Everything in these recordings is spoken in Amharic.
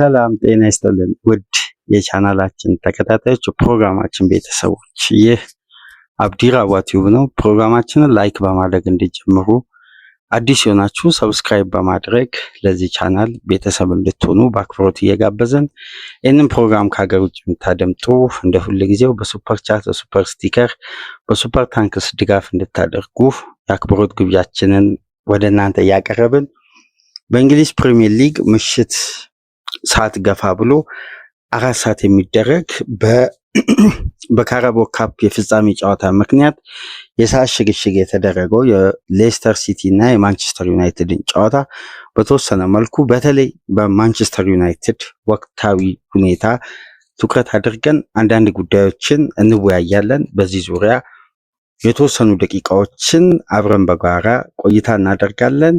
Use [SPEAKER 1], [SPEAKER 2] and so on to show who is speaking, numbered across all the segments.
[SPEAKER 1] ሰላም ጤና ይስጥልን ውድ የቻናላችን ተከታታዮች ፕሮግራማችን ቤተሰቦች፣ ይህ አብዲራዋ ቲዩብ ነው። ፕሮግራማችንን ላይክ በማድረግ እንዲጀምሩ፣ አዲስ የሆናችሁ ሰብስክራይብ በማድረግ ለዚህ ቻናል ቤተሰብ እንድትሆኑ በአክብሮት እየጋበዘን ይህንን ፕሮግራም ከሀገር ውጭ የምታደምጡ እንደ ሁል ጊዜው በሱፐር ቻት፣ በሱፐር ስቲከር፣ በሱፐር ታንክስ ድጋፍ እንድታደርጉ የአክብሮት ግብዣችንን ወደ እናንተ እያቀረብን በእንግሊዝ ፕሪሚየር ሊግ ምሽት ሰዓት ገፋ ብሎ አራት ሰዓት የሚደረግ በካራቦ ካፕ የፍጻሜ ጨዋታ ምክንያት የሰዓት ሽግሽግ የተደረገው የሌስተር ሲቲ እና የማንቸስተር ዩናይትድን ጨዋታ በተወሰነ መልኩ በተለይ በማንቸስተር ዩናይትድ ወቅታዊ ሁኔታ ትኩረት አድርገን አንዳንድ ጉዳዮችን እንወያያለን። በዚህ ዙሪያ የተወሰኑ ደቂቃዎችን አብረን በጋራ ቆይታ እናደርጋለን።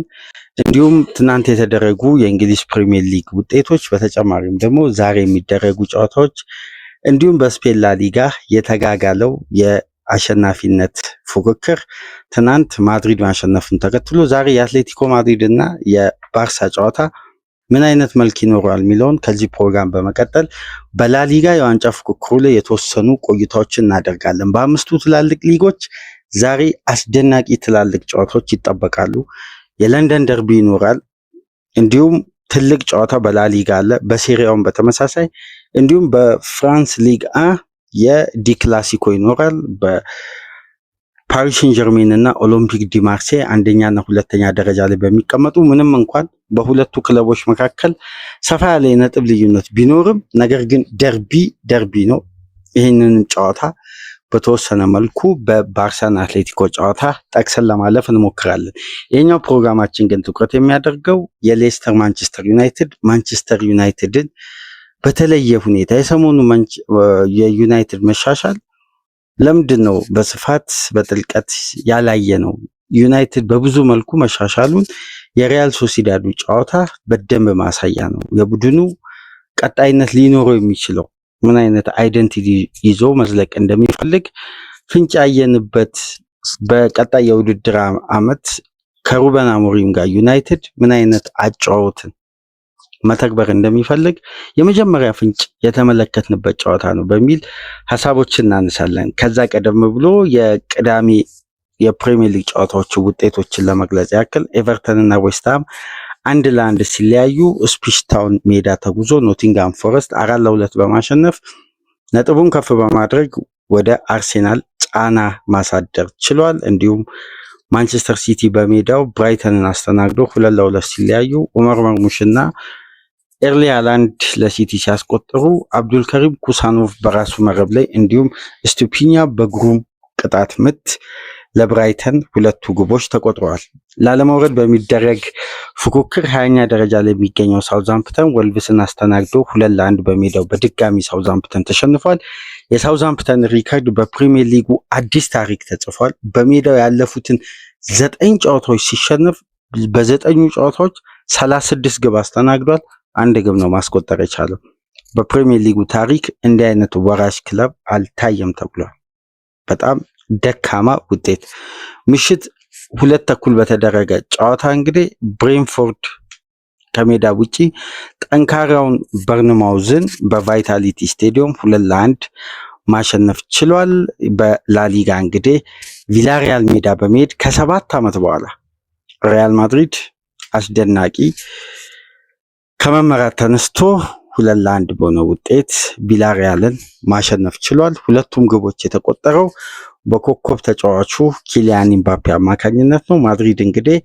[SPEAKER 1] እንዲሁም ትናንት የተደረጉ የእንግሊዝ ፕሪሚየር ሊግ ውጤቶች፣ በተጨማሪም ደግሞ ዛሬ የሚደረጉ ጨዋታዎች እንዲሁም በስፔን ላሊጋ የተጋጋለው የአሸናፊነት ፉክክር ትናንት ማድሪድ ማሸነፉን ተከትሎ ዛሬ የአትሌቲኮ ማድሪድ እና የባርሳ ጨዋታ ምን አይነት መልክ ይኖረዋል የሚለውን ከዚህ ፕሮግራም በመቀጠል በላሊጋ የዋንጫ ፉክክሩ ላይ የተወሰኑ ቆይታዎችን እናደርጋለን። በአምስቱ ትላልቅ ሊጎች ዛሬ አስደናቂ ትላልቅ ጨዋታዎች ይጠበቃሉ። የለንደን ደርቢ ይኖራል። እንዲሁም ትልቅ ጨዋታ በላሊጋ አለ፣ በሴሪያውን በተመሳሳይ እንዲሁም በፍራንስ ሊግ አ የዲ ክላሲኮ ይኖራል። በፓሪስን ጀርሜን እና ኦሎምፒክ ዲ ማርሴ አንደኛና ሁለተኛ ደረጃ ላይ በሚቀመጡ ምንም እንኳን በሁለቱ ክለቦች መካከል ሰፋ ያለ የነጥብ ልዩነት ቢኖርም ነገር ግን ደርቢ ደርቢ ነው። ይህንን ጨዋታ በተወሰነ መልኩ በባርሳና አትሌቲኮ ጨዋታ ጠቅሰን ለማለፍ እንሞክራለን። የኛው ፕሮግራማችን ግን ትኩረት የሚያደርገው የሌስተር ማንቸስተር ዩናይትድ ማንቸስተር ዩናይትድን በተለየ ሁኔታ የሰሞኑ የዩናይትድ መሻሻል ለምንድን ነው በስፋት በጥልቀት ያላየ ነው? ዩናይትድ በብዙ መልኩ መሻሻሉን የሪያል ሶሲዳዱ ጨዋታ በደንብ ማሳያ ነው። የቡድኑ ቀጣይነት ሊኖረው የሚችለው ምን አይነት አይደንቲቲ ይዞ መዝለቅ እንደሚፈልግ ፍንጭ ያየንበት በቀጣይ የውድድር አመት ከሩበን አሞሪም ጋር ዩናይትድ ምን አይነት አጫወትን መተግበር እንደሚፈልግ የመጀመሪያ ፍንጭ የተመለከትንበት ጨዋታ ነው በሚል ሀሳቦችን እናነሳለን። ከዛ ቀደም ብሎ የቅዳሜ የፕሪሚየር ሊግ ጨዋታዎችን ውጤቶችን ለመግለጽ ያክል ኤቨርተን እና ዌስትሃም አንድ ለአንድ ሲለያዩ ስፒሽ ታውን ሜዳ ተጉዞ ኖቲንጋም ፎረስት አራት ለሁለት በማሸነፍ ነጥቡን ከፍ በማድረግ ወደ አርሴናል ጫና ማሳደር ችሏል። እንዲሁም ማንቸስተር ሲቲ በሜዳው ብራይተንን አስተናግዶ ሁለት ለሁለት ሲለያዩ ኡመር መርሙሽና ኤርሊ ሃላንድ ለሲቲ ሲያስቆጥሩ አብዱልከሪም ኩሳኖቭ በራሱ መረብ ላይ እንዲሁም ስቱፒኛ በግሩም ቅጣት ምት ለብራይተን ሁለቱ ግቦች ተቆጥረዋል። ላለመውረድ በሚደረግ ፉክክር ሀያኛ ደረጃ ላይ የሚገኘው ሳውዛምፕተን ወልቭስን አስተናግዶ ሁለት ለአንድ በሜዳው በድጋሚ ሳውዛምፕተን ተሸንፏል። የሳውዛምፕተን ሪከርድ በፕሪሚየር ሊጉ አዲስ ታሪክ ተጽፏል። በሜዳው ያለፉትን ዘጠኝ ጨዋታዎች ሲሸንፍ በዘጠኙ ጨዋታዎች ሰላሳ ስድስት ግብ አስተናግዷል። አንድ ግብ ነው ማስቆጠር የቻለው። በፕሪሚየር ሊጉ ታሪክ እንዲህ አይነት ወራሽ ክለብ አልታየም ተብሏል። በጣም ደካማ ውጤት። ምሽት ሁለት ተኩል በተደረገ ጨዋታ እንግዲህ ብሬንፎርድ ከሜዳ ውጪ ጠንካራውን በርንማውዝን በቫይታሊቲ ስቴዲየም ሁለት ለአንድ ማሸነፍ ችሏል። በላሊጋ እንግዲህ ቪላሪያል ሜዳ በመሄድ ከሰባት ዓመት በኋላ ሪያል ማድሪድ አስደናቂ ከመመራት ተነስቶ ሁለት ለአንድ በሆነ ውጤት ቪላሪያልን ማሸነፍ ችሏል። ሁለቱም ግቦች የተቆጠረው በኮከብ ተጫዋቹ ኪሊያን ኢምባፔ አማካኝነት ነው። ማድሪድ እንግዲህ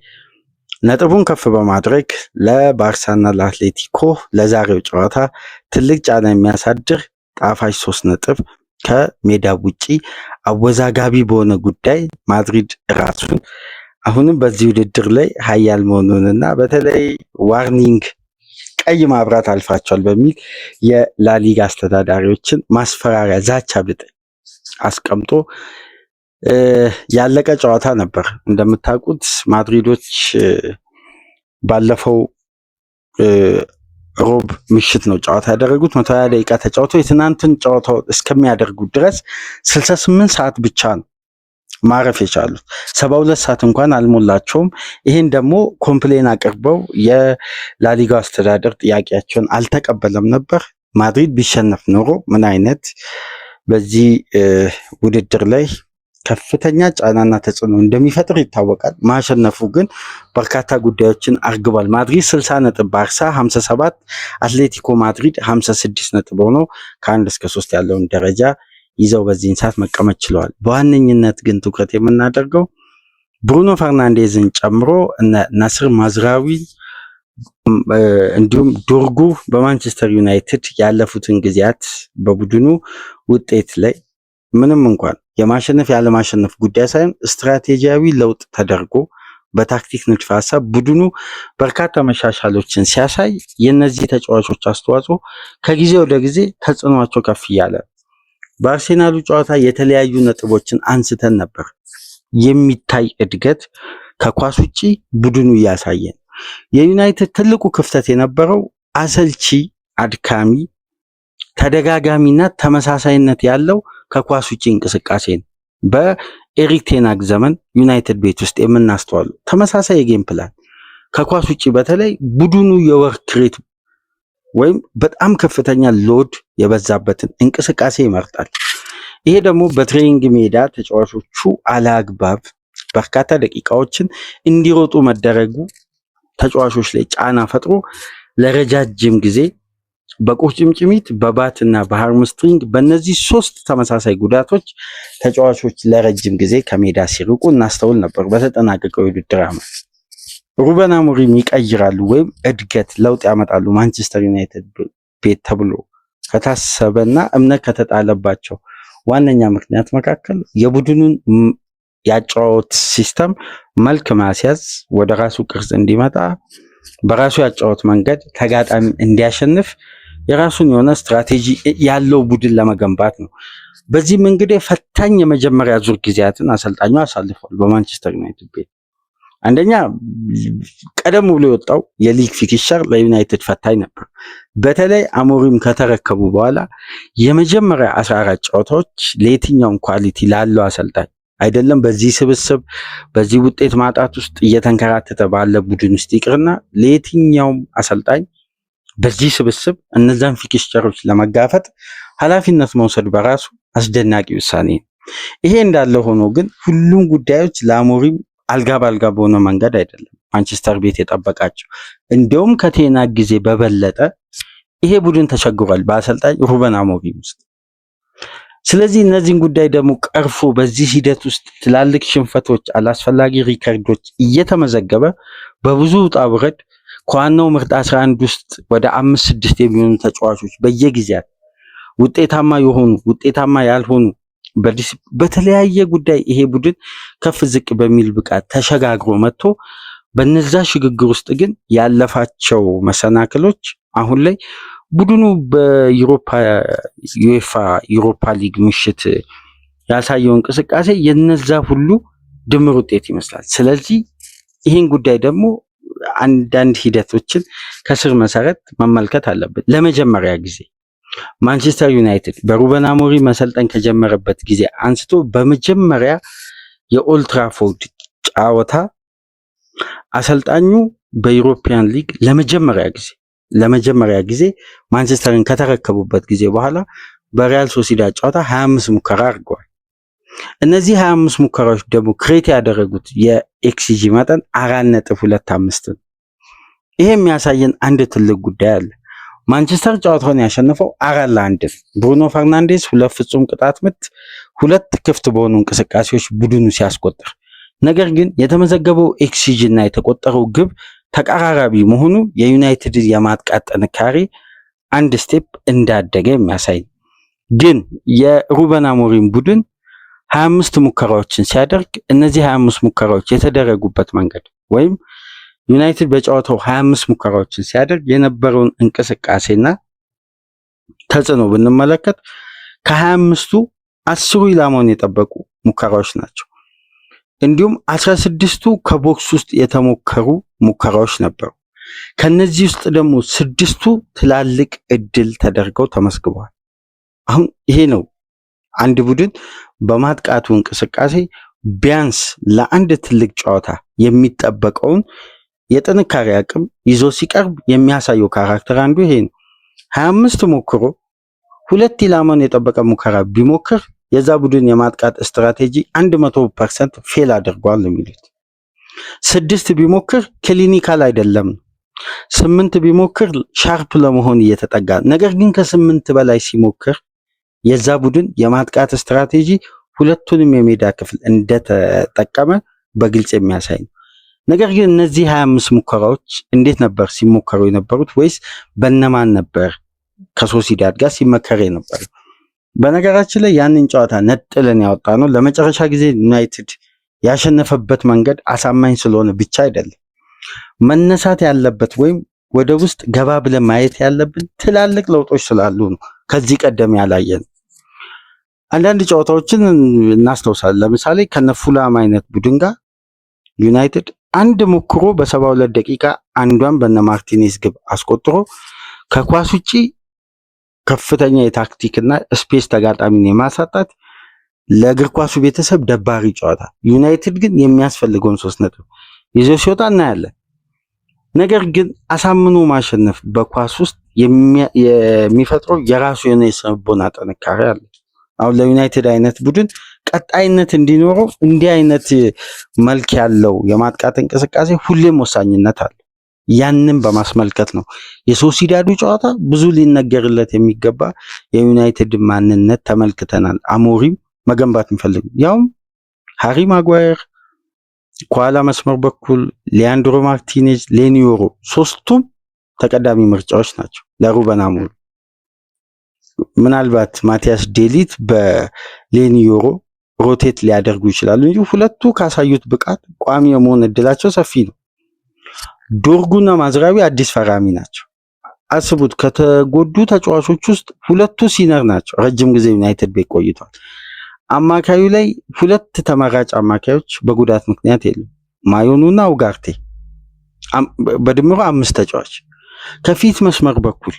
[SPEAKER 1] ነጥቡን ከፍ በማድረግ ለባርሳና ለአትሌቲኮ ለዛሬው ጨዋታ ትልቅ ጫና የሚያሳድር ጣፋጭ ሶስት ነጥብ ከሜዳ ውጪ አወዛጋቢ በሆነ ጉዳይ ማድሪድ ራሱን አሁንም በዚህ ውድድር ላይ ሀያል መሆኑንና በተለይ ዋርኒንግ ቀይ ማብራት አልፋቸዋል በሚል የላሊጋ አስተዳዳሪዎችን ማስፈራሪያ ዛቻ ብጥ አስቀምጦ ያለቀ ጨዋታ ነበር። እንደምታውቁት ማድሪዶች ባለፈው ሮብ ምሽት ነው ጨዋታ ያደረጉት። መቶ ሀያ ደቂቃ ተጫውተው የትናንትን ጨዋታ እስከሚያደርጉት ድረስ ስልሳ ስምንት ሰዓት ብቻ ነው ማረፍ የቻሉት። ሰባ ሁለት ሰዓት እንኳን አልሞላቸውም። ይሄን ደግሞ ኮምፕሌን አቅርበው የላሊጋው አስተዳደር ጥያቄያቸውን አልተቀበለም ነበር። ማድሪድ ቢሸነፍ ኖሮ ምን አይነት በዚህ ውድድር ላይ ከፍተኛ ጫናና ተጽዕኖ እንደሚፈጥር ይታወቃል። ማሸነፉ ግን በርካታ ጉዳዮችን አርግቧል። ማድሪድ 60 ነጥብ፣ ባርሳ 57፣ አትሌቲኮ ማድሪድ 56 ነጥብ ሆኖ ከአንድ እስከ ሶስት ያለውን ደረጃ ይዘው በዚህን ሰዓት መቀመጥ ችለዋል። በዋነኝነት ግን ትኩረት የምናደርገው ብሩኖ ፈርናንዴዝን ጨምሮ እነ ናስር ማዝራዊ እንዲሁም ዶርጉ በማንቸስተር ዩናይትድ ያለፉትን ጊዜያት በቡድኑ ውጤት ላይ ምንም እንኳን የማሸነፍ ያለማሸነፍ ጉዳይ ሳይሆን ስትራቴጂያዊ ለውጥ ተደርጎ በታክቲክ ንድፈ ሀሳብ ቡድኑ በርካታ መሻሻሎችን ሲያሳይ የእነዚህ ተጫዋቾች አስተዋጽኦ ከጊዜ ወደ ጊዜ ተጽዕኗቸው ከፍ እያለ በአርሴናሉ ጨዋታ የተለያዩ ነጥቦችን አንስተን ነበር። የሚታይ እድገት ከኳስ ውጪ ቡድኑ እያሳየን፣ የዩናይትድ ትልቁ ክፍተት የነበረው አሰልቺ፣ አድካሚ፣ ተደጋጋሚና ተመሳሳይነት ያለው ከኳስ ውጪ እንቅስቃሴን በኤሪክ ቴናግ ዘመን ዩናይትድ ቤት ውስጥ የምናስተዋሉ ተመሳሳይ የጌም ፕላን ከኳስ ውጪ በተለይ ቡድኑ የወርክ ሬት ወይም በጣም ከፍተኛ ሎድ የበዛበትን እንቅስቃሴ ይመርጣል። ይሄ ደግሞ በትሬኒንግ ሜዳ ተጫዋቾቹ አላግባብ በርካታ ደቂቃዎችን እንዲሮጡ መደረጉ ተጫዋቾች ላይ ጫና ፈጥሮ ለረጃጅም ጊዜ በቁርጭምጭሚት በባት እና በሃርምስትሪንግ በእነዚህ ሶስት ተመሳሳይ ጉዳቶች ተጫዋቾች ለረጅም ጊዜ ከሜዳ ሲርቁ እናስተውል ነበር። በተጠናቀቀው የውድድር ዓመት ሩበን አሞሪም ይቀይራሉ ወይም እድገት ለውጥ ያመጣሉ ማንቸስተር ዩናይትድ ቤት ተብሎ ከታሰበና እምነት ከተጣለባቸው ዋነኛ ምክንያት መካከል የቡድኑን የአጫወት ሲስተም መልክ ማስያዝ፣ ወደ ራሱ ቅርጽ እንዲመጣ፣ በራሱ ያጫወት መንገድ ተጋጣሚ እንዲያሸንፍ የራሱን የሆነ ስትራቴጂ ያለው ቡድን ለመገንባት ነው። በዚህም እንግዲህ ፈታኝ የመጀመሪያ ዙር ጊዜያትን አሰልጣኙ አሳልፏል። በማንቸስተር ዩናይትድ ቤት አንደኛ ቀደም ብሎ የወጣው የሊግ ፊክሸር ለዩናይትድ ፈታኝ ነበር። በተለይ አሞሪም ከተረከቡ በኋላ የመጀመሪያ 14 ጨዋታዎች ለየትኛውም ኳሊቲ ላለው አሰልጣኝ አይደለም በዚህ ስብስብ በዚህ ውጤት ማጣት ውስጥ እየተንከራተተ ባለ ቡድን ውስጥ ይቅርና ለየትኛውም አሰልጣኝ በዚህ ስብስብ እነዛን ፊክስቸሮች ለመጋፈጥ ኃላፊነት መውሰድ በራሱ አስደናቂ ውሳኔ ነው። ይሄ እንዳለ ሆኖ ግን ሁሉም ጉዳዮች ለአሞሪም አልጋ ባልጋ በሆነ መንገድ አይደለም ማንቸስተር ቤት የጠበቃቸው። እንደውም ከቴና ጊዜ በበለጠ ይሄ ቡድን ተቸግሯል በአሰልጣኝ ሩበን አሞሪም ውስጥ። ስለዚህ እነዚህን ጉዳይ ደግሞ ቀርፎ በዚህ ሂደት ውስጥ ትላልቅ ሽንፈቶች፣ አላስፈላጊ ሪከርዶች እየተመዘገበ በብዙ ውጣ ውረድ ከዋናው ምርጥ 11 ውስጥ ወደ አምስት ስድስት የሚሆኑ ተጫዋቾች በየጊዜያት ውጤታማ የሆኑ ውጤታማ ያልሆኑ በተለያየ ጉዳይ ይሄ ቡድን ከፍ ዝቅ በሚል ብቃት ተሸጋግሮ መጥቶ በነዛ ሽግግር ውስጥ ግን ያለፋቸው መሰናክሎች አሁን ላይ ቡድኑ በዩሮፓ ዩኤፋ ዩሮፓ ሊግ ምሽት ያሳየው እንቅስቃሴ የነዛ ሁሉ ድምር ውጤት ይመስላል። ስለዚህ ይህን ጉዳይ ደግሞ አንዳንድ ሂደቶችን ከስር መሰረት መመልከት አለብን። ለመጀመሪያ ጊዜ ማንቸስተር ዩናይትድ በሩበን አሞሪ መሰልጠን ከጀመረበት ጊዜ አንስቶ በመጀመሪያ የኦልትራፎርድ ጨዋታ አሰልጣኙ በዩሮፒያን ሊግ ለመጀመሪያ ጊዜ ለመጀመሪያ ጊዜ ማንቸስተርን ከተረከቡበት ጊዜ በኋላ በሪያል ሶሲዳድ ጨዋታ 25 ሙከራ አድርገዋል። እነዚህ 25 ሙከራዎች ደግሞ ክሬት ያደረጉት ኤክስጂ መጠን አራት ነጥብ ሁለት አምስት ነው። ይሄ የሚያሳየን አንድ ትልቅ ጉዳይ አለ። ማንቸስተር ጨዋታውን ያሸነፈው አራት ለአንድ ነው። ብሩኖ ፈርናንዴስ ሁለት ፍጹም ቅጣት ምት፣ ሁለት ክፍት በሆኑ እንቅስቃሴዎች ቡድኑ ሲያስቆጥር፣ ነገር ግን የተመዘገበው ኤክስጂ እና የተቆጠረው ግብ ተቀራራቢ መሆኑ የዩናይትድ የማጥቃት ጥንካሬ አንድ ስቴፕ እንዳደገ የሚያሳይ ግን የሩበን አሞሪም ቡድን ሀያ አምስት ሙከራዎችን ሲያደርግ እነዚህ ሀያ አምስት ሙከራዎች የተደረጉበት መንገድ ወይም ዩናይትድ በጨዋታው ሀያ አምስት ሙከራዎችን ሲያደርግ የነበረውን እንቅስቃሴና ተጽዕኖ ብንመለከት ከሀያ አምስቱ አስሩ ኢላማውን የጠበቁ ሙከራዎች ናቸው። እንዲሁም አስራ ስድስቱ ከቦክስ ውስጥ የተሞከሩ ሙከራዎች ነበሩ። ከነዚህ ውስጥ ደግሞ ስድስቱ ትላልቅ እድል ተደርገው ተመስግበዋል። አሁን ይሄ ነው አንድ ቡድን በማጥቃቱ እንቅስቃሴ ቢያንስ ለአንድ ትልቅ ጨዋታ የሚጠበቀውን የጥንካሬ አቅም ይዞ ሲቀርብ የሚያሳየው ካራክተር አንዱ ይሄ ነው። ሀያ አምስት ሞክሮ ሁለት ኢላማን የጠበቀ ሙከራ ቢሞክር የዛ ቡድን የማጥቃት ስትራቴጂ አንድ መቶ ፐርሰንት ፌል አድርጓል የሚሉት ስድስት ቢሞክር ክሊኒካል አይደለም ስምንት ቢሞክር ሻርፕ ለመሆን እየተጠጋ ነገር ግን ከስምንት በላይ ሲሞክር የዛ ቡድን የማጥቃት ስትራቴጂ ሁለቱንም የሜዳ ክፍል እንደተጠቀመ በግልጽ የሚያሳይ ነው። ነገር ግን እነዚህ 25 ሙከራዎች እንዴት ነበር ሲሞከሩ የነበሩት? ወይስ በነማን ነበር ከሶሲዳድ ጋር ሲመከር የነበር በነገራችን ላይ ያንን ጨዋታ ነጥለን ያወጣ ነው ለመጨረሻ ጊዜ ዩናይትድ ያሸነፈበት መንገድ አሳማኝ ስለሆነ ብቻ አይደለም። መነሳት ያለበት ወይም ወደ ውስጥ ገባ ብለን ማየት ያለብን ትላልቅ ለውጦች ስላሉ ነው። ከዚህ ቀደም ያላየን አንዳንድ ጨዋታዎችን እናስታውሳለን። ለምሳሌ ከነፉላም አይነት ቡድን ጋር ዩናይትድ አንድ ሞክሮ በሰባ ሁለት ደቂቃ አንዷን በነ ማርቲኔዝ ግብ አስቆጥሮ ከኳስ ውጪ ከፍተኛ የታክቲክና ስፔስ ተጋጣሚን የማሳጣት ለእግር ኳሱ ቤተሰብ ደባሪ ጨዋታ፣ ዩናይትድ ግን የሚያስፈልገውን ሶስት ነጥብ ይዞ ሲወጣ እናያለን። ነገር ግን አሳምኖ ማሸነፍ በኳስ ውስጥ የሚፈጥረው የራሱ የሆነ የስነልቦና ጥንካሬ አለ። አሁን ለዩናይትድ አይነት ቡድን ቀጣይነት እንዲኖረው እንዲህ አይነት መልክ ያለው የማጥቃት እንቅስቃሴ ሁሌም ወሳኝነት አለ። ያንን በማስመልከት ነው የሶሲዳዱ ጨዋታ ብዙ ሊነገርለት የሚገባ የዩናይትድ ማንነት ተመልክተናል። አሞሪም መገንባት የሚፈልግ ያውም ሃሪ ማጓየር ከኋላ መስመር በኩል ሊያንድሮ ማርቲኔዝ፣ ሌኒዮሮ ሶስቱም ተቀዳሚ ምርጫዎች ናቸው ለሩበን አሞሪም። ምናልባት ማቲያስ ዴሊት በሌኒዮሮ ሮቴት ሊያደርጉ ይችላሉ እንጂ ሁለቱ ካሳዩት ብቃት ቋሚ የመሆን እድላቸው ሰፊ ነው። ዶርጉና ማዝራዊ አዲስ ፈራሚ ናቸው። አስቡት ከተጎዱ ተጫዋቾች ውስጥ ሁለቱ ሲነር ናቸው። ረጅም ጊዜ ዩናይትድ ቤት ቆይቷል። አማካዩ ላይ ሁለት ተመራጭ አማካዮች በጉዳት ምክንያት የሉም። ማዮኑና ኡጋርቴ በድምሮ አምስት ተጫዋች ከፊት መስመር በኩል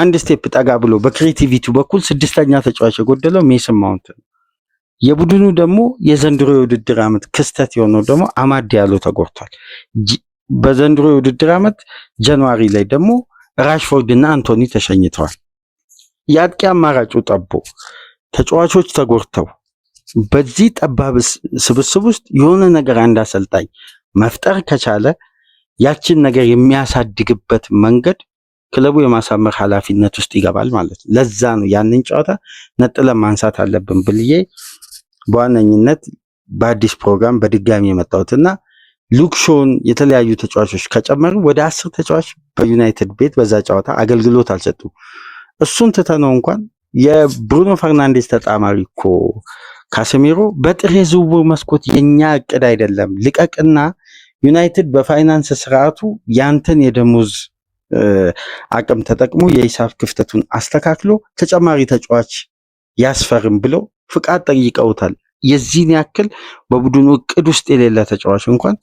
[SPEAKER 1] አንድ ስቴፕ ጠጋ ብሎ በክሬቲቪቲ በኩል ስድስተኛ ተጫዋች የጎደለው ሜስ ማውንት ነው። የቡድኑ ደግሞ የዘንድሮ የውድድር ዓመት ክስተት የሆነው ደግሞ አማድ ዲያሎ ተጎድቷል። በዘንድሮ የውድድር ዓመት ጃንዋሪ ላይ ደግሞ ራሽፎርድ እና አንቶኒ ተሸኝተዋል። የአጥቂ አማራጩ ጠቦ ተጫዋቾች ተጎድተው በዚህ ጠባብ ስብስብ ውስጥ የሆነ ነገር አንድ አሰልጣኝ መፍጠር ከቻለ ያችን ነገር የሚያሳድግበት መንገድ ክለቡ የማሳመር ኃላፊነት ውስጥ ይገባል ማለት ነው። ለዛ ነው ያንን ጨዋታ ነጥለን ማንሳት አለብን ብልዬ በዋነኝነት በአዲስ ፕሮግራም በድጋሚ የመጣሁትና ሉክሾን የተለያዩ ተጫዋቾች ከጨመሩ ወደ አስር ተጫዋች በዩናይትድ ቤት በዛ ጨዋታ አገልግሎት አልሰጡም። እሱን ትተነው እንኳን የብሩኖ ፈርናንዴዝ ተጣማሪ እኮ ካሴሚሮ በጥሬ ዝውውር መስኮት የኛ እቅድ አይደለም ልቀቅና ዩናይትድ በፋይናንስ ስርዓቱ ያንተን የደሞዝ አቅም ተጠቅሞ የሂሳብ ክፍተቱን አስተካክሎ ተጨማሪ ተጫዋች ያስፈርም ብለው ፍቃድ ጠይቀውታል። የዚህን ያክል በቡድኑ እቅድ ውስጥ የሌለ ተጫዋች እንኳን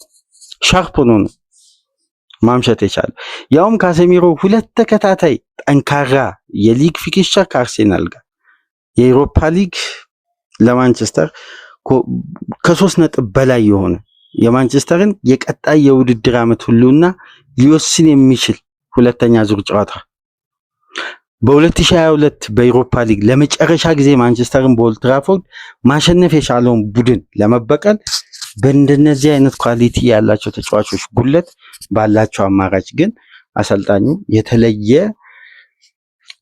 [SPEAKER 1] ሻርፕ ሆኖ ነው ማምሸት የቻለ ያውም ካሴሚሮ ሁለት ተከታታይ ጠንካራ የሊግ ፊክስቸር ከአርሴናል ጋር የኤሮፓ ሊግ ለማንቸስተር ከሶስት ነጥብ በላይ የሆነ የማንቸስተርን የቀጣይ የውድድር ዓመት ሁሉና ሊወስን የሚችል ሁለተኛ ዙር ጨዋታ በ2022 በኤሮፓ ሊግ ለመጨረሻ ጊዜ ማንቸስተርን በኦልትራፎርድ ማሸነፍ የቻለውን ቡድን ለመበቀል በእንደነዚህ አይነት ኳሊቲ ያላቸው ተጫዋቾች ጉለት ባላቸው አማራጭ ግን አሰልጣኙ የተለየ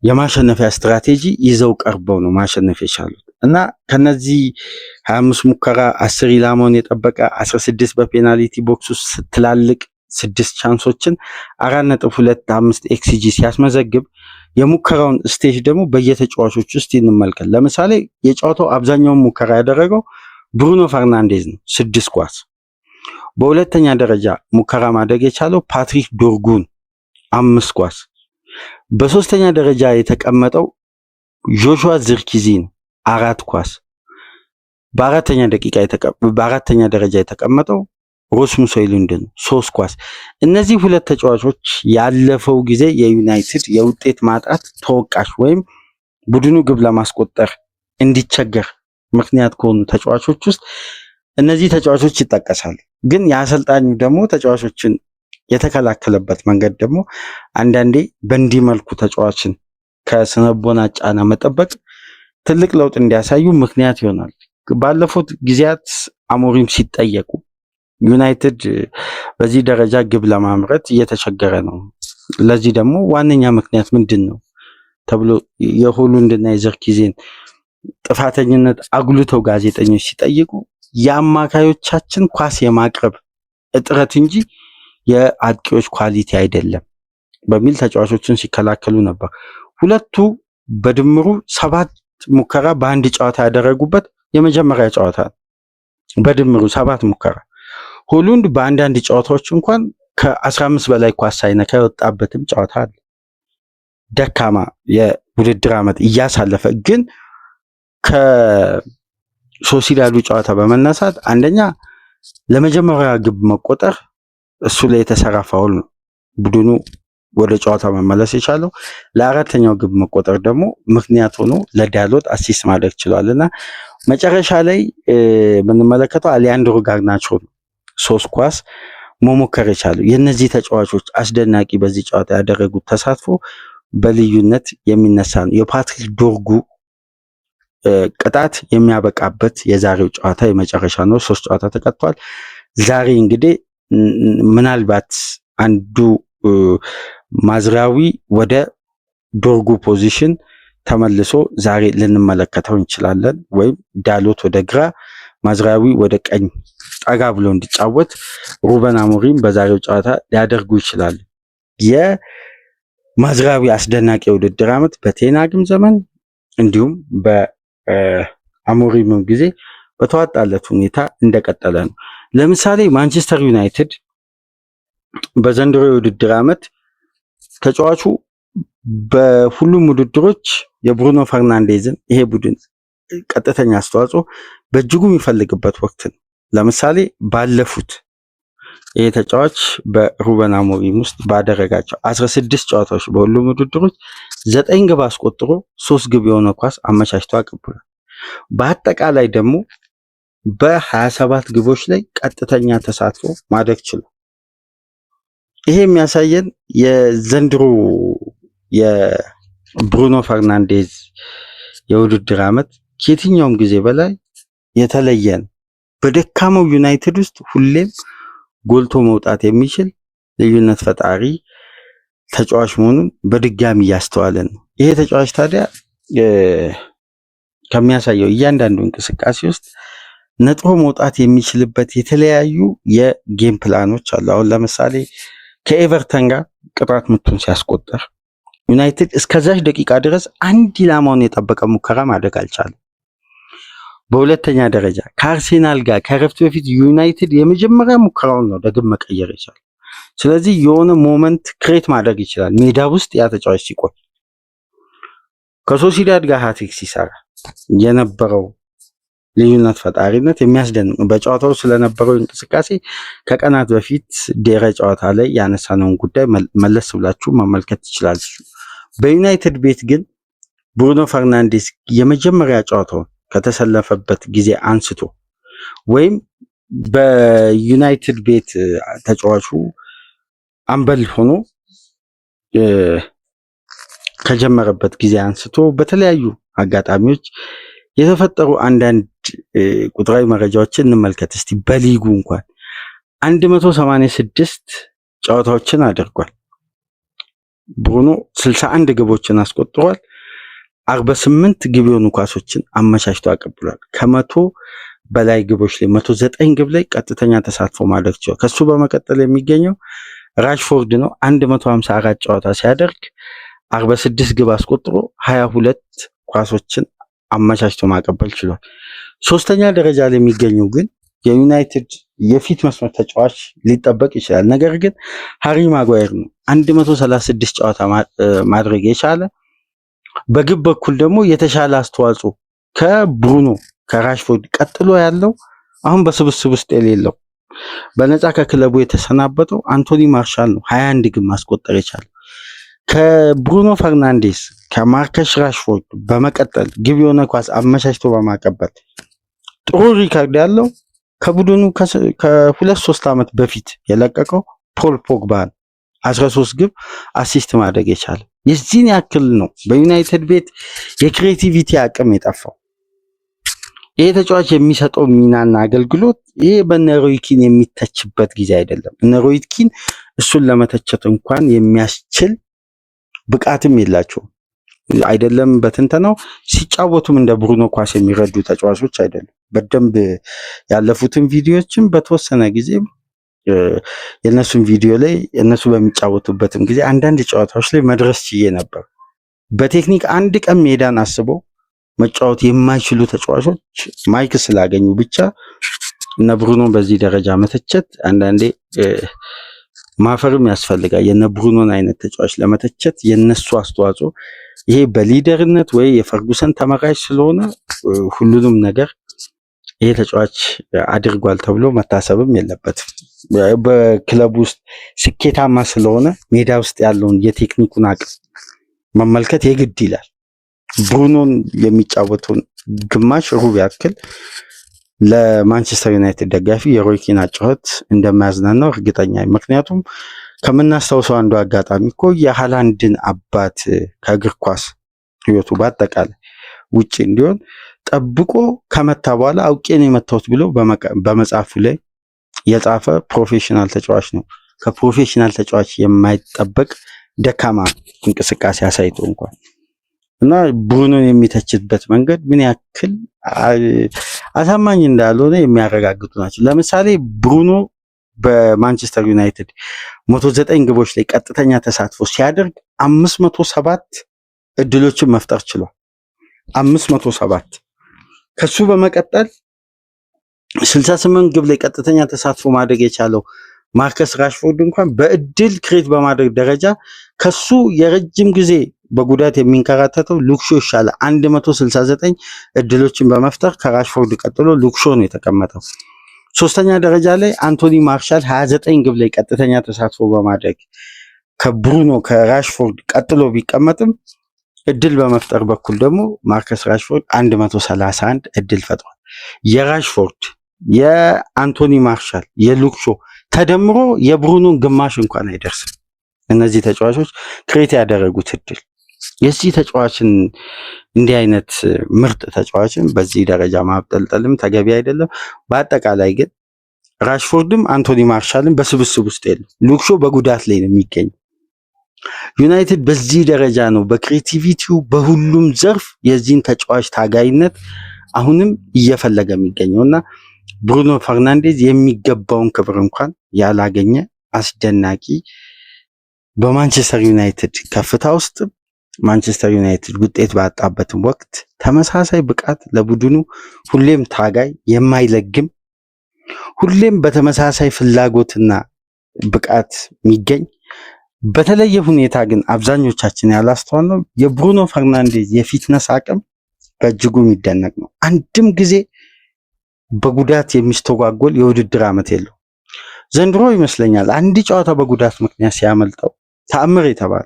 [SPEAKER 1] የማሸነፊያ ስትራቴጂ ይዘው ቀርበው ነው ማሸነፍ የቻሉት እና ከነዚህ 25 ሙከራ 10 ኢላማውን የጠበቀ 16 በፔናልቲ ቦክስ ውስጥ ስትላልቅ ስድስት ቻንሶችን 4.25 ኤክስጂ ሲያስመዘግብ የሙከራውን ስቴጅ ደግሞ በየተጫዋቾች ውስጥ እንመልከት። ለምሳሌ የጨዋታው አብዛኛውን ሙከራ ያደረገው ብሩኖ ፈርናንዴዝ ነው፣ ስድስት ኳስ። በሁለተኛ ደረጃ ሙከራ ማደግ የቻለው ፓትሪክ ዶርጉን አምስት ኳስ። በሶስተኛ ደረጃ የተቀመጠው ጆሹዋ ዝርኪዚ ነው፣ አራት ኳስ። በአራተኛ ደቂቃ በአራተኛ ደረጃ የተቀመጠው ሮስሙስ ሆይሉንድ ነው፣ ሶስት ኳስ። እነዚህ ሁለት ተጫዋቾች ያለፈው ጊዜ የዩናይትድ የውጤት ማጣት ተወቃሽ ወይም ቡድኑ ግብ ለማስቆጠር እንዲቸገር ምክንያት ከሆኑ ተጫዋቾች ውስጥ እነዚህ ተጫዋቾች ይጠቀሳሉ። ግን የአሰልጣኙ ደግሞ ተጫዋቾችን የተከላከለበት መንገድ ደግሞ አንዳንዴ በእንዲህ መልኩ ተጫዋችን ከስነቦና ጫና መጠበቅ ትልቅ ለውጥ እንዲያሳዩ ምክንያት ይሆናል። ባለፉት ጊዜያት አሞሪም ሲጠየቁ ዩናይትድ በዚህ ደረጃ ግብ ለማምረት እየተቸገረ ነው፣ ለዚህ ደግሞ ዋነኛ ምክንያት ምንድን ነው ተብሎ የሆሉንድና የዘርኪዜን ጥፋተኝነት አጉልተው ጋዜጠኞች ሲጠይቁ የአማካዮቻችን ኳስ የማቅረብ እጥረት እንጂ የአጥቂዎች ኳሊቲ አይደለም በሚል ተጫዋቾችን ሲከላከሉ ነበር። ሁለቱ በድምሩ ሰባት ሙከራ በአንድ ጨዋታ ያደረጉበት የመጀመሪያ ጨዋታ በድምሩ ሰባት ሙከራ ሆሉንድ በአንዳንድ ጨዋታዎች እንኳን ከ15 በላይ ኳስ ሳይነካ የወጣበትም ጨዋታ አለ። ደካማ የውድድር ዓመት እያሳለፈ ግን ከሶሲዳዱ ጨዋታ በመነሳት አንደኛ ለመጀመሪያ ግብ መቆጠር እሱ ላይ የተሰራ ፋውል ነው ቡድኑ ወደ ጨዋታ መመለስ የቻለው። ለአራተኛው ግብ መቆጠር ደግሞ ምክንያት ሆኖ ለዳሎት አሲስት ማድረግ ችሏል እና መጨረሻ ላይ የምንመለከተው አሊያንድሮ ጋርናቾ ነው ሶስት ኳስ መሞከር የቻለው። የእነዚህ ተጫዋቾች አስደናቂ በዚህ ጨዋታ ያደረጉት ተሳትፎ በልዩነት የሚነሳ ነው። የፓትሪክ ዶርጉ ቅጣት የሚያበቃበት የዛሬው ጨዋታ የመጨረሻ ነው። ሶስት ጨዋታ ተቀጥቷል። ዛሬ እንግዲህ ምናልባት አንዱ ማዝራዊ ወደ ዶርጉ ፖዚሽን ተመልሶ ዛሬ ልንመለከተው እንችላለን። ወይም ዳሎት ወደ ግራ፣ ማዝራዊ ወደ ቀኝ ጠጋ ብሎ እንዲጫወት ሩበን አሞሪም በዛሬው ጨዋታ ሊያደርጉ ይችላሉ። የማዝራዊ አስደናቂ የውድድር ዓመት በቴናግም ዘመን እንዲሁም አሞሪምም ጊዜ በተዋጣለት ሁኔታ እንደቀጠለ ነው። ለምሳሌ ማንቸስተር ዩናይትድ በዘንድሮ የውድድር ዓመት ተጫዋቹ በሁሉም ውድድሮች የብሩኖ ፈርናንዴዝን ይሄ ቡድን ቀጥተኛ አስተዋጽኦ በእጅጉ የሚፈልግበት ወቅት ነው። ለምሳሌ ባለፉት ይህ ተጫዋች በሩበን አሞሪም ውስጥ ባደረጋቸው 16 ጨዋታዎች በሁሉም ውድድሮች ዘጠኝ ግብ አስቆጥሮ ሶስት ግብ የሆነ ኳስ አመቻችቶ አቀብሏል። በአጠቃላይ ደግሞ በ27 ግቦች ላይ ቀጥተኛ ተሳትፎ ማድረግ ችሏል። ይሄ የሚያሳየን የዘንድሮ የብሩኖ ፈርናንዴዝ የውድድር ዓመት ከየትኛውም ጊዜ በላይ የተለየ በደካማው ዩናይትድ ውስጥ ሁሌም ጎልቶ መውጣት የሚችል ልዩነት ፈጣሪ ተጫዋች መሆኑን በድጋሚ እያስተዋለ ነው። ይሄ ተጫዋች ታዲያ ከሚያሳየው እያንዳንዱ እንቅስቃሴ ውስጥ ነጥሮ መውጣት የሚችልበት የተለያዩ የጌም ፕላኖች አሉ። አሁን ለምሳሌ ከኤቨርተን ጋር ቅጣት ምቱን ሲያስቆጠር ዩናይትድ እስከዛች ደቂቃ ድረስ አንድ ኢላማውን የጠበቀ ሙከራ ማድረግ አልቻለም። በሁለተኛ ደረጃ ከአርሴናል ጋር ከረፍት በፊት ዩናይትድ የመጀመሪያ ሙከራውን ነው ዳግም መቀየር ይችላል። ስለዚህ የሆነ ሞመንት ክሬት ማድረግ ይችላል ሜዳ ውስጥ ያ ተጫዋች ሲቆይ ከሶሲዳድ ጋር ሃትሪክ ሲሰራ የነበረው ልዩነት ፈጣሪነት የሚያስደንቅ በጨዋታው ስለነበረው እንቅስቃሴ ከቀናት በፊት ድረ ጨዋታ ላይ ያነሳነውን ጉዳይ መለስ ብላችሁ መመልከት ትችላላችሁ። በዩናይትድ ቤት ግን ብሩኖ ፈርናንዴስ የመጀመሪያ ጨዋታውን ከተሰለፈበት ጊዜ አንስቶ ወይም በዩናይትድ ቤት ተጫዋቹ አምበል ሆኖ ከጀመረበት ጊዜ አንስቶ በተለያዩ አጋጣሚዎች የተፈጠሩ አንዳንድ ቁጥራዊ መረጃዎችን እንመልከት እስቲ። በሊጉ እንኳን 186 ጨዋታዎችን አድርጓል። ብሩኖ 61 ግቦችን አስቆጥሯል። አርባ ስምንት ግብ የሆኑ ኳሶችን አመቻችቶ አቀብሏል። ከመቶ በላይ ግቦች ላይ መቶ ዘጠኝ ግብ ላይ ቀጥተኛ ተሳትፎ ማድረግ ችሏል። ከሱ በመቀጠል የሚገኘው ራሽፎርድ ነው። አንድ መቶ ሀምሳ አራት ጨዋታ ሲያደርግ አርባ ስድስት ግብ አስቆጥሮ ሀያ ሁለት ኳሶችን አመቻችቶ ማቀበል ችሏል። ሶስተኛ ደረጃ ላይ የሚገኘው ግን የዩናይትድ የፊት መስመር ተጫዋች ሊጠበቅ ይችላል። ነገር ግን ሃሪ ማጓየር ነው። 136 ጨዋታ ማድረግ የቻለ በግብ በኩል ደግሞ የተሻለ አስተዋጽኦ ከብሩኖ ከራሽፎርድ ቀጥሎ ያለው አሁን በስብስብ ውስጥ የሌለው በነፃ ከክለቡ የተሰናበተው አንቶኒ ማርሻል ነው። ሀያ አንድ ግብ ማስቆጠር የቻለ ከብሩኖ ፈርናንዴስ ከማርከሽ ራሽፎርድ በመቀጠል ግብ የሆነ ኳስ አመቻችቶ በማቀበል ጥሩ ሪካርድ ያለው ከቡድኑ ከሁለት ሶስት ዓመት በፊት የለቀቀው ፖል ፖግባ አስራ ሶስት ግብ አሲስት ማድረግ የቻለ የዚህን ያክል ነው በዩናይትድ ቤት የክሬቲቪቲ አቅም የጠፋው። ይሄ ተጫዋች የሚሰጠው ሚናና አገልግሎት ይሄ በነ ሮይኪን የሚተችበት ጊዜ አይደለም። እነ ሮይኪን እሱን ለመተቸት እንኳን የሚያስችል ብቃትም የላቸውም። አይደለም በትንተናው ሲጫወቱም እንደ ብሩኖ ኳስ የሚረዱ ተጫዋቾች አይደሉም። በደንብ ያለፉትን ቪዲዮዎችም በተወሰነ ጊዜ የእነሱን ቪዲዮ ላይ እነሱ በሚጫወቱበትም ጊዜ አንዳንድ ጨዋታዎች ላይ መድረስ ችዬ ነበር። በቴክኒክ አንድ ቀን ሜዳን አስበው መጫወት የማይችሉ ተጫዋቾች ማይክ ስላገኙ ብቻ እነ ብሩኖ በዚህ ደረጃ መተቸት አንዳንዴ ማፈርም ያስፈልጋል። የነ ብሩኖን አይነት ተጫዋች ለመተቸት የነሱ አስተዋጽኦ ይሄ በሊደርነት ወይ የፈርጉሰን ተመራጭ ስለሆነ ሁሉንም ነገር ይሄ ተጫዋች አድርጓል ተብሎ መታሰብም የለበትም። በክለብ ውስጥ ስኬታማ ስለሆነ ሜዳ ውስጥ ያለውን የቴክኒኩን አቅም መመልከት የግድ ይላል። ብሩኖን የሚጫወተውን ግማሽ ሩብ ያክል ለማንቸስተር ዩናይትድ ደጋፊ የሮይ ኪን ጩኸት እንደማያዝናናው እርግጠኛ። ምክንያቱም ከምናስታውሰው አንዱ አጋጣሚ እኮ የሃላንድን አባት ከእግር ኳስ ህይወቱ በአጠቃላይ ውጭ እንዲሆን ጠብቆ ከመታ በኋላ አውቄ ነው የመታሁት ብሎ በመጽሐፉ ላይ የጻፈ ፕሮፌሽናል ተጫዋች ነው። ከፕሮፌሽናል ተጫዋች የማይጠበቅ ደካማ እንቅስቃሴ አሳይቶ እንኳን እና ቡድኑን የሚተችበት መንገድ ምን ያክል አሳማኝ እንዳልሆነ የሚያረጋግጡ ናቸው። ለምሳሌ ብሩኖ በማንቸስተር ዩናይትድ መቶ ዘጠኝ ግቦች ላይ ቀጥተኛ ተሳትፎ ሲያደርግ አምስት መቶ ሰባት እድሎችን መፍጠር ችሏል። አምስት መቶ ሰባት ከሱ በመቀጠል ስልሳ ስምንት ግብ ላይ ቀጥተኛ ተሳትፎ ማድረግ የቻለው ማርከስ ራሽፎርድ እንኳን በእድል ክሬት በማድረግ ደረጃ ከሱ የረጅም ጊዜ በጉዳት የሚንከራተተው ሉክሾ ይሻላል። 169 እድሎችን በመፍጠር ከራሽፎርድ ቀጥሎ ሉክሾ ነው የተቀመጠው። ሶስተኛ ደረጃ ላይ አንቶኒ ማርሻል 29 ግብ ላይ ቀጥተኛ ተሳትፎ በማድረግ ከብሩኖ ከራሽፎርድ ቀጥሎ ቢቀመጥም እድል በመፍጠር በኩል ደግሞ ማርከስ ራሽፎርድ 131 እድል ፈጥሯል። የራሽፎርድ የአንቶኒ ማርሻል የሉክሾ ተደምሮ የብሩኑን ግማሽ እንኳን አይደርስም። እነዚህ ተጫዋቾች ክሬት ያደረጉት እድል የዚህ ተጫዋችን እንዲህ አይነት ምርጥ ተጫዋችን በዚህ ደረጃ ማብጠልጠልም ተገቢ አይደለም። በአጠቃላይ ግን ራሽፎርድም አንቶኒ ማርሻልም በስብስብ ውስጥ የለም። ሉክሾ በጉዳት ላይ ነው የሚገኘው። ዩናይትድ በዚህ ደረጃ ነው በክሬቲቪቲው በሁሉም ዘርፍ የዚህን ተጫዋች ታጋይነት አሁንም እየፈለገ የሚገኘው እና ብሩኖ ፈርናንዴዝ የሚገባውን ክብር እንኳን ያላገኘ አስደናቂ በማንቸስተር ዩናይትድ ከፍታ ውስጥ ማንቸስተር ዩናይትድ ውጤት ባጣበትም ወቅት ተመሳሳይ ብቃት ለቡድኑ ሁሌም ታጋይ የማይለግም ሁሌም በተመሳሳይ ፍላጎትና ብቃት የሚገኝ በተለየ ሁኔታ ግን አብዛኞቻችን ያላስተዋልነው የብሩኖ ፈርናንዴዝ የፊትነስ አቅም በእጅጉ የሚደነቅ ነው። አንድም ጊዜ በጉዳት የሚስተጓጎል የውድድር ዓመት የለው። ዘንድሮ ይመስለኛል አንድ ጨዋታ በጉዳት ምክንያት ሲያመልጠው ተአምር የተባለ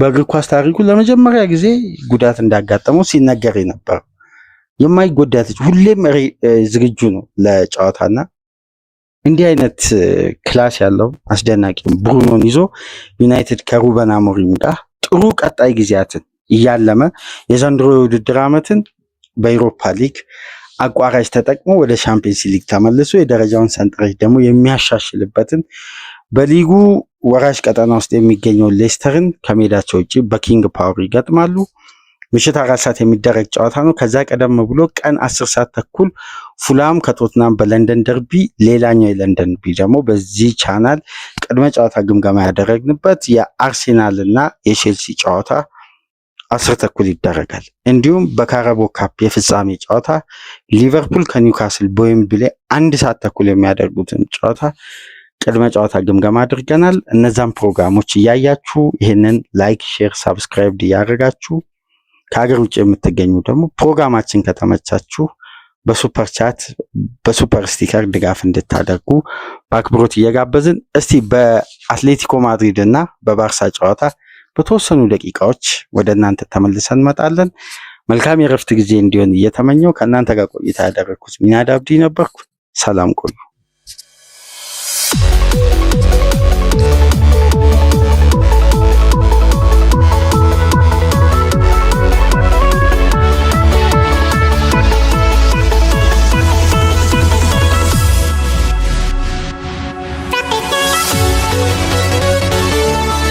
[SPEAKER 1] በእግር ኳስ ታሪኩ ለመጀመሪያ ጊዜ ጉዳት እንዳጋጠመው ሲነገር ነበር። የማይጎዳ ልጅ ሁሌም ዝግጁ ነው ለጨዋታና እንዲህ አይነት ክላስ ያለው አስደናቂ ብሩኖን ይዞ ዩናይትድ ከሩበን አሞሪም ጋር ጥሩ ቀጣይ ጊዜያትን እያለመ የዘንድሮ የውድድር ዓመትን በኢሮፓ ሊግ አቋራጭ ተጠቅሞ ወደ ሻምፒየንስ ሊግ ተመልሶ የደረጃውን ሰንጠረዥ ደግሞ የሚያሻሽልበትን በሊጉ ወራሽ ቀጠና ውስጥ የሚገኘውን ሌስተርን ከሜዳቸው ውጭ በኪንግ ፓወር ይገጥማሉ። ምሽት አራት ሰዓት የሚደረግ ጨዋታ ነው። ከዛ ቀደም ብሎ ቀን አስር ሰዓት ተኩል ፉላም ከቶትናም በለንደን ደርቢ፣ ሌላኛው የለንደን ደርቢ ደግሞ በዚህ ቻናል ቅድመ ጨዋታ ግምገማ ያደረግንበት የአርሴናል እና የቼልሲ ጨዋታ አስር ተኩል ይደረጋል። እንዲሁም በካረቦ ካፕ የፍጻሜ ጨዋታ ሊቨርፑል ከኒውካስል በዌምብሌ አንድ ሰዓት ተኩል የሚያደርጉትን ጨዋታ ቅድመ ጨዋታ ግምገማ አድርገናል። እነዛን ፕሮግራሞች እያያችሁ ይህንን ላይክ፣ ሼር፣ ሳብስክራይብ እያደረጋችሁ ከሀገር ውጭ የምትገኙ ደግሞ ፕሮግራማችን ከተመቻችሁ በሱፐር ቻት በሱፐር ስቲከር ድጋፍ እንድታደርጉ በአክብሮት እየጋበዝን እስቲ በአትሌቲኮ ማድሪድ እና በባርሳ ጨዋታ በተወሰኑ ደቂቃዎች ወደ እናንተ ተመልሰን እንመጣለን። መልካም የእረፍት ጊዜ እንዲሆን እየተመኘው ከእናንተ ጋር ቆይታ ያደረግኩት ሚናድ አብዲ ነበርኩ። ሰላም ቆዩ።